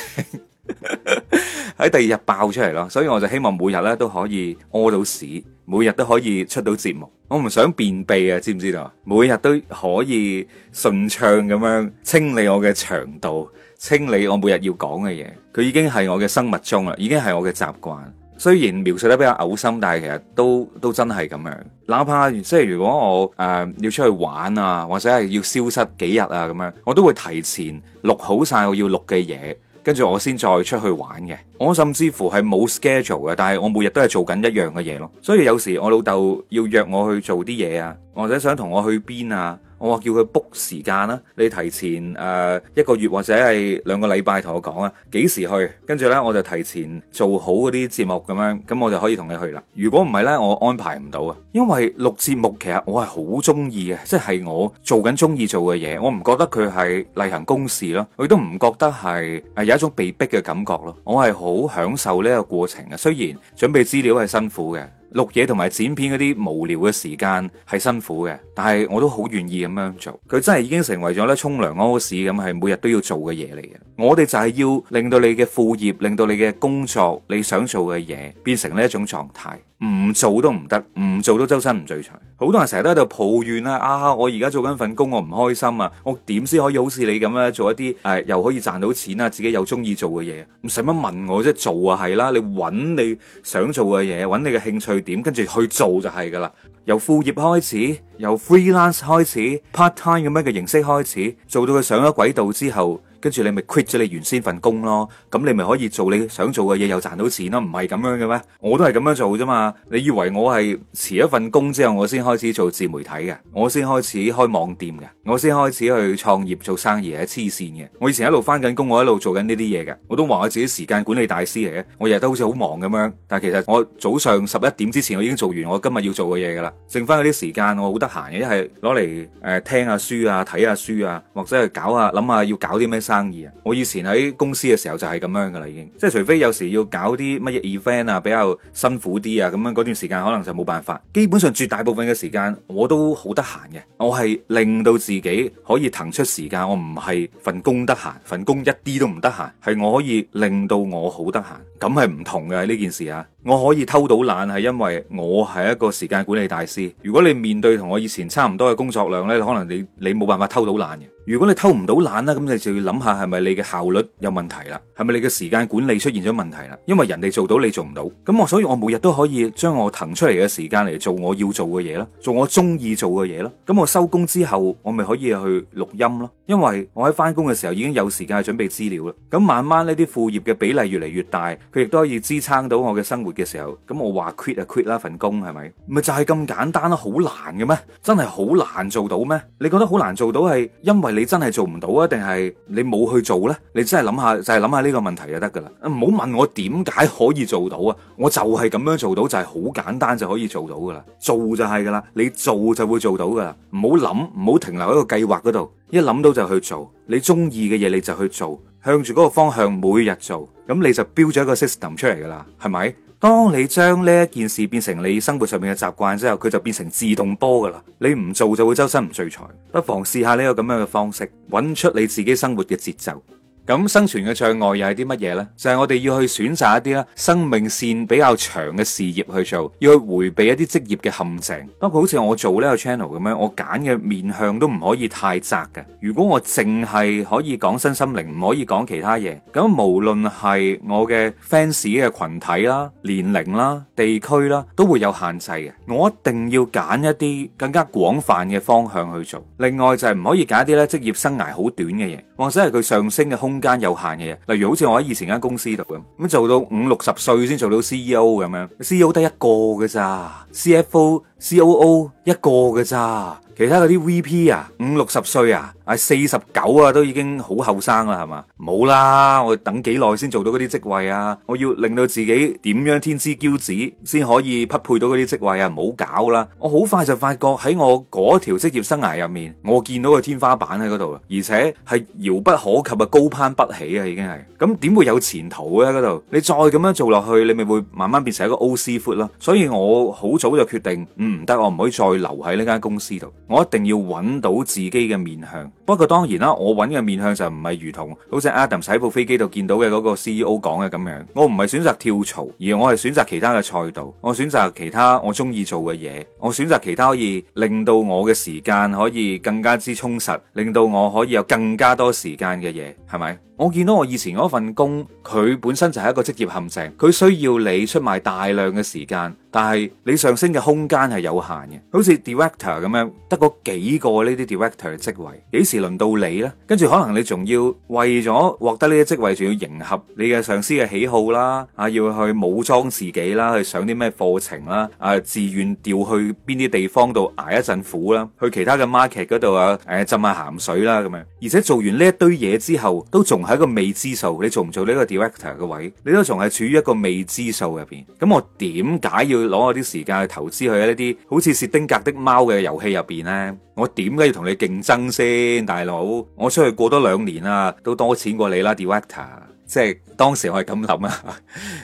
喺 第二日爆出嚟咯，所以我就希望每日咧都可以屙到屎，每日都可以出到節目，我唔想便秘啊，知唔知道？每日都可以順暢咁樣清理我嘅腸道，清理我每日要講嘅嘢。佢已經係我嘅生物鐘啦，已經係我嘅習慣。雖然描述得比較嘔心，但係其實都都真係咁樣。哪怕即係如果我誒要出去玩啊，或者係要消失幾日啊咁樣，我都會提前錄好晒我要錄嘅嘢。跟住我先再出去玩嘅，我甚至乎係冇 schedule 嘅，但係我每日都係做緊一樣嘅嘢囉。所以有時我老豆要約我去做啲嘢呀，或者想同我去邊呀。我話叫佢 book 時間啦，你提前誒、呃、一個月或者係兩個禮拜同我講啊，幾時去，跟住呢，我就提前做好嗰啲節目咁樣，咁我就可以同你去啦。如果唔係呢，我安排唔到啊。因為錄節目其實我係好中意嘅，即係我做緊中意做嘅嘢，我唔覺得佢係例行公事咯，佢都唔覺得係係有一種被逼嘅感覺咯。我係好享受呢個過程啊，雖然準備資料係辛苦嘅。錄嘢同埋剪片嗰啲無聊嘅時間係辛苦嘅，但係我都好願意咁樣做。佢真係已經成為咗呢沖涼屙屎咁，係每日都要做嘅嘢嚟嘅。我哋就係要令到你嘅副業，令到你嘅工作，你想做嘅嘢變成呢一種狀態。唔做都唔得，唔做都周身唔聚財。好多人成日都喺度抱怨啦，啊，我而家做緊份工，我唔開心啊，我點先可以好似你咁樣做一啲誒、呃，又可以賺到錢啊，自己又中意做嘅嘢？唔使乜問我啫，做就係啦，你揾你想做嘅嘢，揾你嘅興趣點，跟住去做就係噶啦。由副業開始，由 freelance 開始，part time 咁樣嘅形式開始，做到佢上咗軌道之後。跟住你咪 quit 咗你原先份工咯，咁你咪可以做你想做嘅嘢，又賺到錢咯，唔係咁樣嘅咩？我都係咁樣做啫嘛！你以為我係辭咗份工之後，我先開始做自媒體嘅，我先開始開網店嘅，我先開始去創業做生意係黐線嘅。我以前一路翻緊工，我一路做緊呢啲嘢嘅，我都話我自己時間管理大師嚟嘅。我日日都好似好忙咁樣，但其實我早上十一點之前我已經做完我今日要做嘅嘢噶啦，剩翻嗰啲時間我好得閒嘅，呃、一係攞嚟誒聽下書啊，睇下書啊，或者係搞下諗下要搞啲咩生意。生意啊！我以前喺公司嘅時候就係咁樣噶啦，已經即係除非有時要搞啲乜嘢 event 啊，比較辛苦啲啊，咁樣嗰段時間可能就冇辦法。基本上絕大部分嘅時間我都好得閒嘅，我係令到自己可以騰出時間。我唔係份工得閒，份工一啲都唔得閒，係我可以令到我好得閒。咁係唔同嘅呢件事啊！我可以偷到懶，係因為我係一個時間管理大師。如果你面對同我以前差唔多嘅工作量呢，可能你你冇辦法偷到懶嘅。如果你偷唔到懶啦，咁你就要諗下係咪你嘅效率有問題啦，係咪你嘅時間管理出現咗問題啦？因為人哋做到你做唔到，咁我所以我每日都可以將我騰出嚟嘅時間嚟做我要做嘅嘢啦，做我中意做嘅嘢啦。咁我收工之後，我咪可以去錄音咯。因為我喺翻工嘅時候已經有時間去準備資料啦。咁慢慢呢啲副業嘅比例越嚟越大，佢亦都可以支撐到我嘅生活嘅時候，咁我話 quit 啊 quit 啦，啊，份工係咪？咪就係咁簡單咯，啊？好難嘅咩？真係好難做到咩？你覺得好難做到係因為？你真係做唔到啊？定係你冇去做呢？你真係諗下就係、是、諗下呢個問題就得噶啦。唔好問我點解可以做到啊！我就係咁樣做到就係、是、好簡單就可以做到噶啦。做就係噶啦，你做就會做到噶啦。唔好諗，唔好停留喺個計劃嗰度。一諗到就去做，你中意嘅嘢你就去做，向住嗰個方向每日做，咁你就 build 咗一個 system 出嚟噶啦，係咪？當你將呢一件事變成你生活上面嘅習慣之後，佢就變成自動波噶啦。你唔做就會周身唔聚財，不妨試下呢個咁樣嘅方式，揾出你自己生活嘅節奏。咁生存嘅障礙又係啲乜嘢呢？就係我哋要去選擇一啲咧生命線比較長嘅事業去做，要去迴避一啲職業嘅陷阱。包括好似我做呢個 channel 咁樣，我揀嘅面向都唔可以太窄嘅。如果我淨係可以講身心靈，唔可以講其他嘢，咁無論係我嘅 fans 嘅羣體啦、年齡啦、地區啦，都會有限制嘅。我一定要揀一啲更加廣泛嘅方向去做。另外就係唔可以揀一啲咧職業生涯好短嘅嘢，或者係佢上升嘅空。空間有限嘅嘢，例如好似我喺以前間公司度咁，咁做到五六十歲先做到 CEO 咁樣，CEO 得一個㗎咋，CFO、COO 一個㗎咋，其他嗰啲 VP 啊，五六十歲啊。啊，四十九啊，都已經好後生啦，係嘛？冇啦，我等幾耐先做到嗰啲職位啊？我要令到自己點樣天之驕子，先可以匹配到嗰啲職位啊？唔好搞啦！我好快就發覺喺我嗰條職業生涯入面，我見到個天花板喺嗰度，而且係遙不可及啊，高攀不起啊！已經係咁點會有前途啊？喺嗰度你再咁樣做落去，你咪會慢慢變成一個 O.C.Foot 咯。所以我好早就決定，嗯，唔得，我唔可以再留喺呢間公司度，我一定要揾到自己嘅面向。不過當然啦，我揾嘅面向就唔係如同好似 Adam 喺部飛機度見到嘅嗰個 CEO 講嘅咁樣。我唔係選擇跳槽，而我係選擇其他嘅賽道。我選擇其他我鍾意做嘅嘢，我選擇其他可以令到我嘅時間可以更加之充實，令到我可以有更加多時間嘅嘢，係咪？我見到我以前嗰份工，佢本身就係一個職業陷阱，佢需要你出賣大量嘅時間，但係你上升嘅空間係有限嘅。好似 director 咁樣，得嗰幾個呢啲 director 嘅職位，幾時輪到你呢？跟住可能你仲要為咗獲得呢啲職位，仲要迎合你嘅上司嘅喜好啦，啊，要去武裝自己啦，去上啲咩課程啦，啊，自願調去邊啲地方度捱一陣苦啦，去其他嘅 market 嗰度啊，誒，浸下鹹水啦咁樣。而且做完呢一堆嘢之後，都仲喺一個未知數，你做唔做呢個 director 嘅位，你都仲係處於一個未知數入邊。咁我點解要攞我啲時間去投資去一啲好似薛丁格的貓嘅遊戲入邊呢？我點解要同你競爭先，大佬？我出去過多兩年啦，都多錢過你啦，director。即係當時我係咁諗啊，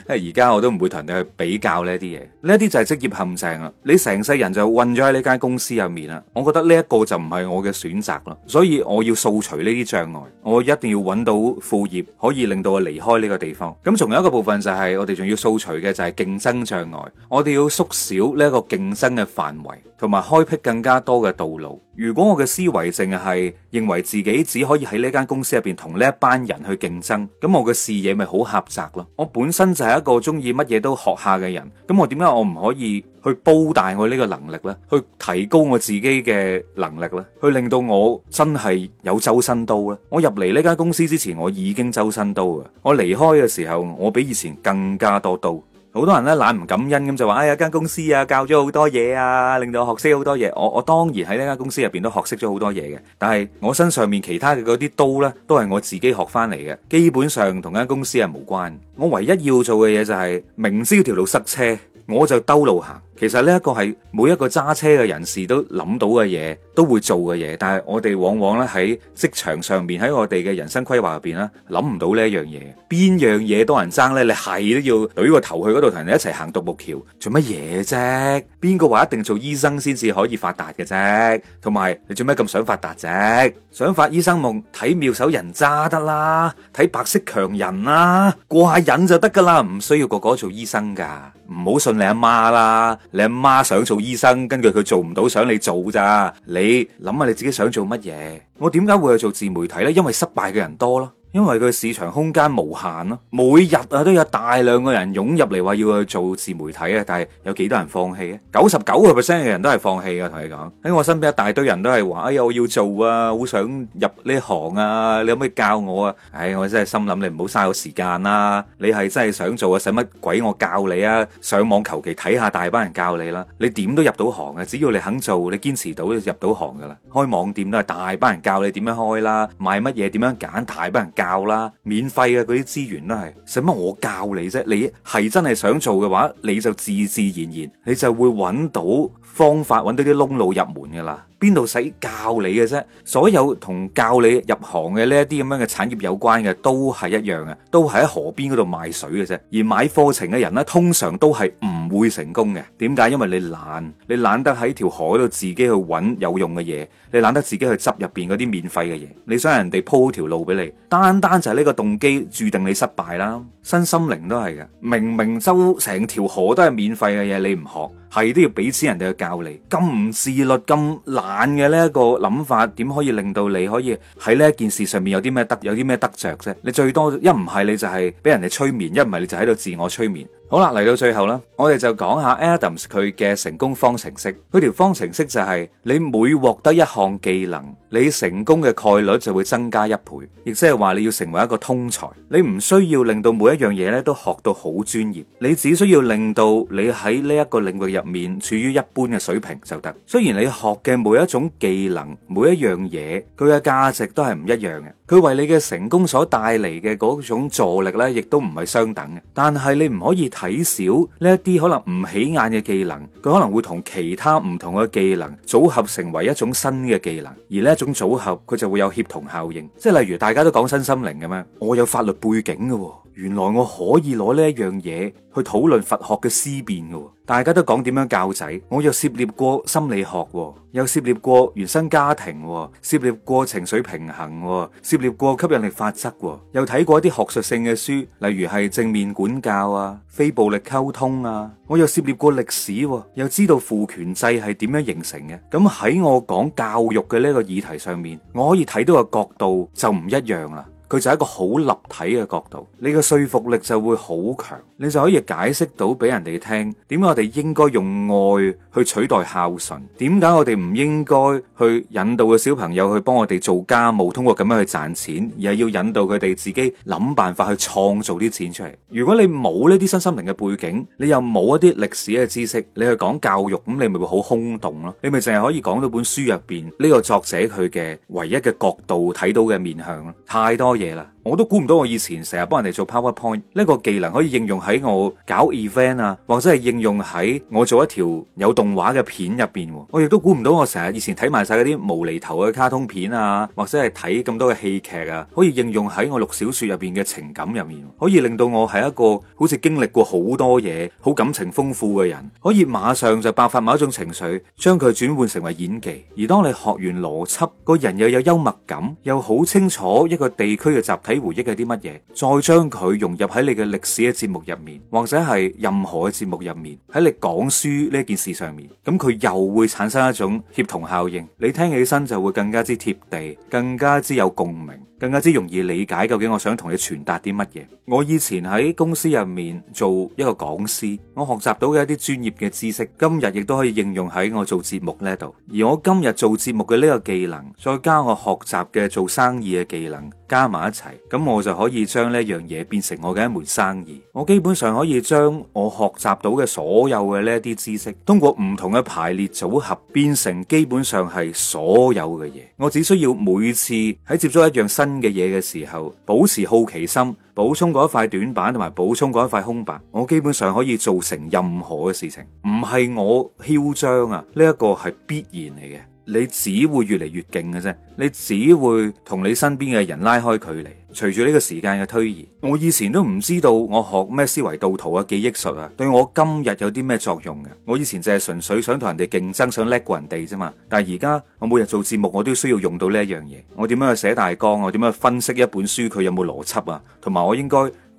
而家我都唔會同你去比較呢啲嘢，呢啲就係職業陷阱啊！你成世人就混咗喺呢間公司入面啊，我覺得呢一個就唔係我嘅選擇咯，所以我要掃除呢啲障礙，我一定要揾到副業可以令到我離開呢個地方。咁仲有一個部分就係、是、我哋仲要掃除嘅就係競爭障礙，我哋要縮小呢個競爭嘅範圍，同埋開闢更加多嘅道路。如果我嘅思維淨係認為自己只可以喺呢間公司入邊同呢一班人去競爭，咁我嘅視野咪好狹窄咯。我本身就係一個中意乜嘢都學下嘅人，咁我點解我唔可以去煲大我呢個能力呢？去提高我自己嘅能力呢？去令到我真係有周身刀呢？我入嚟呢間公司之前我已經周身刀啊！我離開嘅時候，我比以前更加多刀。好多人咧，懶唔感恩咁就話：哎呀，間公司啊教咗好多嘢啊，令到我學識好多嘢。我我當然喺呢間公司入邊都學識咗好多嘢嘅，但係我身上面其他嘅嗰啲刀呢，都係我自己學翻嚟嘅，基本上同間公司係無關。我唯一要做嘅嘢就係，明知條路塞車，我就兜路行。其實呢一個係每一個揸車嘅人士都諗到嘅嘢，都會做嘅嘢。但係我哋往往咧喺職場上面，喺我哋嘅人生規劃入邊啦，諗唔到呢一樣嘢。邊樣嘢多人爭呢？你係都要懟個頭去嗰度同人哋一齊行獨木橋，做乜嘢啫？邊個話一定做醫生先至可以發達嘅啫？同埋你做咩咁想發達啫？想發醫生夢，睇妙手人渣得啦，睇白色強人啦，過下癮就得噶啦，唔需要個個個，做醫生噶。唔好信你阿媽啦。你阿媽想做醫生，根據佢做唔到，想你做咋？你諗下你自己想做乜嘢？我點解會去做自媒體呢？因為失敗嘅人多咯。因為佢市場空間無限咯，每日啊都有大量嘅人湧入嚟，話要去做自媒體啊，但係有幾多人放棄咧？九十九個 percent 嘅人都係放棄嘅。同你講喺我身邊一大堆人都係話，哎呀，我要做啊，好想入呢行啊！你可唔可以教我啊？唉，我真係心諗你唔好嘥我時間啦！你係真係想做啊？使乜鬼我教你啊？上網求其睇下大班人教你啦！你點都入到行啊，只要你肯做，你堅持到入到行噶啦。開網店都係大班人教你點樣開啦，賣乜嘢點樣揀，大班人教。教啦，免費嘅嗰啲資源都係，使乜我教你啫？你係真係想做嘅話，你就自自然然，你就會揾到方法，揾到啲窿路入門噶啦。邊度使教你嘅啫？所有同教你入行嘅呢一啲咁樣嘅產業有關嘅，都係一樣嘅，都係喺河邊嗰度賣水嘅啫。而買課程嘅人呢，通常都係唔會成功嘅。點解？因為你懶，你懶得喺條海度自己去揾有用嘅嘢，你懶得自己去執入面嗰啲免費嘅嘢，你想人哋鋪條路俾你，單單就係呢個動機，注定你失敗啦。身心靈都係嘅，明明收成條河都係免費嘅嘢，你唔學，係都要俾錢人哋去教你，咁唔自律、咁懶嘅呢一個諗法，點可以令到你可以喺呢一件事上面有啲咩得，有啲咩得著啫？你最多一唔係你就係俾人哋催眠，一唔係你就喺度自我催眠。好啦，嚟到最後啦，我哋就講下 Adams 佢嘅成功方程式。佢條方程式就係你每獲得一項技能，你成功嘅概率就會增加一倍。亦即係話你要成為一個通才，你唔需要令到每一樣嘢咧都學到好專業，你只需要令到你喺呢一個領域入面處於一般嘅水平就得。雖然你學嘅每一種技能、每一樣嘢，佢嘅價值都係唔一樣嘅。佢為你嘅成功所帶嚟嘅嗰種助力呢，亦都唔係相等嘅。但係你唔可以睇少呢一啲可能唔起眼嘅技能，佢可能會同其他唔同嘅技能組合成為一種新嘅技能，而呢一種組合佢就會有協同效應。即係例如大家都講身心靈嘅咩？我有法律背景㗎喎，原來我可以攞呢一樣嘢去討論佛學嘅思辨喎。大家都講點樣教仔，我又涉獵過心理學，又涉獵過原生家庭，涉獵過情緒平衡，涉獵過吸引力法則，又睇過一啲學術性嘅書，例如係正面管教啊，非暴力溝通啊。我又涉獵過歷史，又知道父權制係點樣形成嘅。咁喺我講教育嘅呢個議題上面，我可以睇到個角度就唔一樣啦。佢就係一個好立體嘅角度，你嘅說服力就會好強，你就可以解釋到俾人哋聽，點解我哋應該用愛去取代孝順，點解我哋唔應該去引導個小朋友去幫我哋做家務，通過咁樣去賺錢，而係要引導佢哋自己諗辦法去創造啲錢出嚟。如果你冇呢啲身心靈嘅背景，你又冇一啲歷史嘅知識，你去講教育，咁你咪會好空洞咯。你咪淨係可以講到本書入邊呢個作者佢嘅唯一嘅角度睇到嘅面向咯，太多嘢啦～我都估唔到我以前成日幫人哋做 PowerPoint 呢個技能可以應用喺我搞 event 啊，或者係應用喺我做一條有動畫嘅片入邊。我亦都估唔到我成日以前睇埋晒嗰啲無厘頭嘅卡通片啊，或者係睇咁多嘅戲劇啊，可以應用喺我錄小說入邊嘅情感入面，可以令到我係一個好似經歷過好多嘢，好感情豐富嘅人，可以馬上就爆發某一種情緒，將佢轉換成為演技。而當你學完邏輯，個人又有幽默感，又好清楚一個地區嘅集體。你回憶嘅係啲乜嘢？再將佢融入喺你嘅歷史嘅節目入面，或者係任何嘅節目入面，喺你講書呢件事上面，咁佢又會產生一種協同效應。你聽起身就會更加之貼地，更加之有共鳴。更加之容易理解究竟我想同你傳達啲乜嘢。我以前喺公司入面做一個講師，我學習到嘅一啲專業嘅知識，今日亦都可以應用喺我做節目呢度。而我今日做節目嘅呢個技能，再加我學習嘅做生意嘅技能，加埋一齊，咁我就可以將呢樣嘢變成我嘅一門生意。我基本上可以將我學習到嘅所有嘅呢啲知識，通過唔同嘅排列組合，變成基本上係所有嘅嘢。我只需要每次喺接觸一樣新。嘅嘢嘅時候，保持好奇心，補充嗰一塊短板，同埋補充嗰一塊空白，我基本上可以做成任何嘅事情。唔係我囂張啊，呢一個係必然嚟嘅。你只會越嚟越勁嘅啫，你只會同你身邊嘅人拉開距離。隨住呢個時間嘅推移，我以前都唔知道我學咩思維導圖啊、記憶術啊，對我今日有啲咩作用嘅。我以前就係純粹想同人哋競爭，想叻過人哋啫嘛。但係而家我每日做節目，我都需要用到呢一樣嘢。我點樣去寫大綱？我點樣去分析一本書？佢有冇邏輯啊？同埋我應該。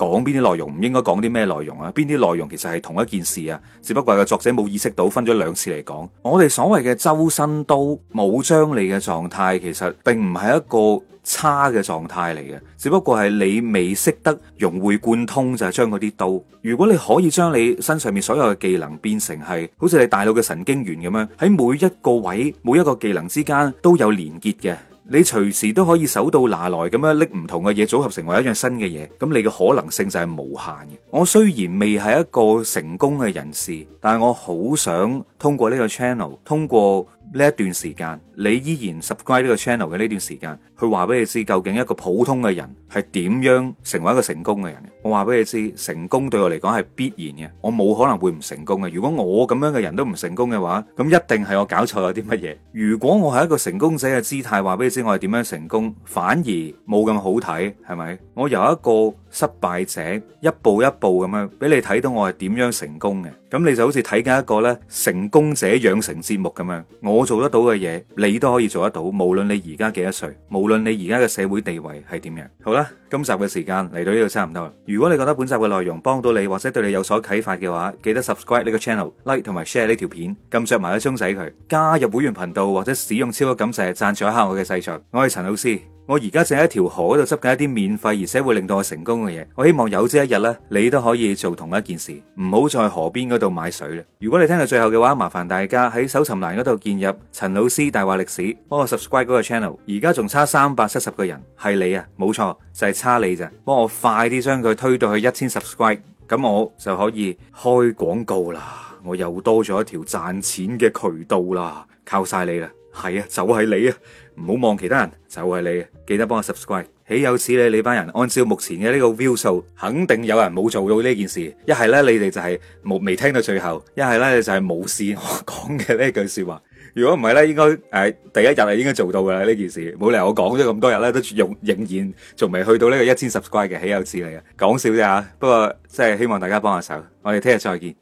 講邊啲內容，唔應該講啲咩內容啊？邊啲內容其實係同一件事啊，只不過係作者冇意識到分咗兩次嚟講。我哋所謂嘅周身刀，冇將你嘅狀態，其實並唔係一個差嘅狀態嚟嘅，只不過係你未識得融會貫通，就係將嗰啲刀。如果你可以將你身上面所有嘅技能變成係好似你大腦嘅神經元咁樣，喺每一個位每一個技能之間都有連結嘅。你隨時都可以手到拿來咁樣拎唔同嘅嘢組合成為一樣新嘅嘢，咁你嘅可能性就係無限嘅。我雖然未係一個成功嘅人士，但係我好想通過呢個 channel，通過。呢一段時間，你依然 subscribe 呢個 channel 嘅呢段時間，去話俾你知究竟一個普通嘅人係點樣成為一個成功嘅人的。我話俾你知，成功對我嚟講係必然嘅，我冇可能會唔成功嘅。如果我咁樣嘅人都唔成功嘅話，咁一定係我搞錯咗啲乜嘢。如果我係一個成功者嘅姿態，話俾你知我係點樣成功，反而冇咁好睇，係咪？我由一個。失敗者一步一步咁樣，俾你睇到我係點樣成功嘅。咁你就好似睇緊一個咧成功者養成節目咁樣，我做得到嘅嘢，你都可以做得到。無論你而家幾多歲，無論你而家嘅社會地位係點樣。好啦，今集嘅時間嚟到呢度差唔多啦。如果你覺得本集嘅內容幫到你，或者對你有所啟發嘅話，記得 subscribe 呢個 channel，like 同埋 share 呢條片，撳著埋個鐘仔佢，加入會員頻道或者使用超級感謝贊助一下我嘅製作。我係陳老師。我而家正喺一條河度執緊一啲免費，而且會令到我成功嘅嘢。我希望有朝一日呢，你都可以做同一件事，唔好再喺河邊嗰度買水啦。如果你聽到最後嘅話，麻煩大家喺搜尋欄嗰度建入陳老師大話歷史，幫我 subscribe 嗰個 channel。而家仲差三百七十個人，係你啊，冇錯就係差你咋，幫我快啲將佢推到去一千 subscribe，咁我就可以開廣告啦，我又多咗一條賺錢嘅渠道啦，靠晒你啦，係啊，就係你啊！唔好望其他人，就係、是、你，記得幫我 subscribe。豈有此理你呢班人，按照目前嘅呢個 view 數，肯定有人冇做到呢件事。一係咧，你哋就係冇未聽到最後；一係咧，就係冇事。我講嘅呢句說話。如果唔係咧，應該誒、哎、第一日係應該做到噶啦呢件事。冇理由我講咗咁多日咧，都用仍然仲未去到呢個一千 subscribe 嘅豈有此理啊！講笑啫吓，不過即係希望大家幫下手，我哋聽日再見。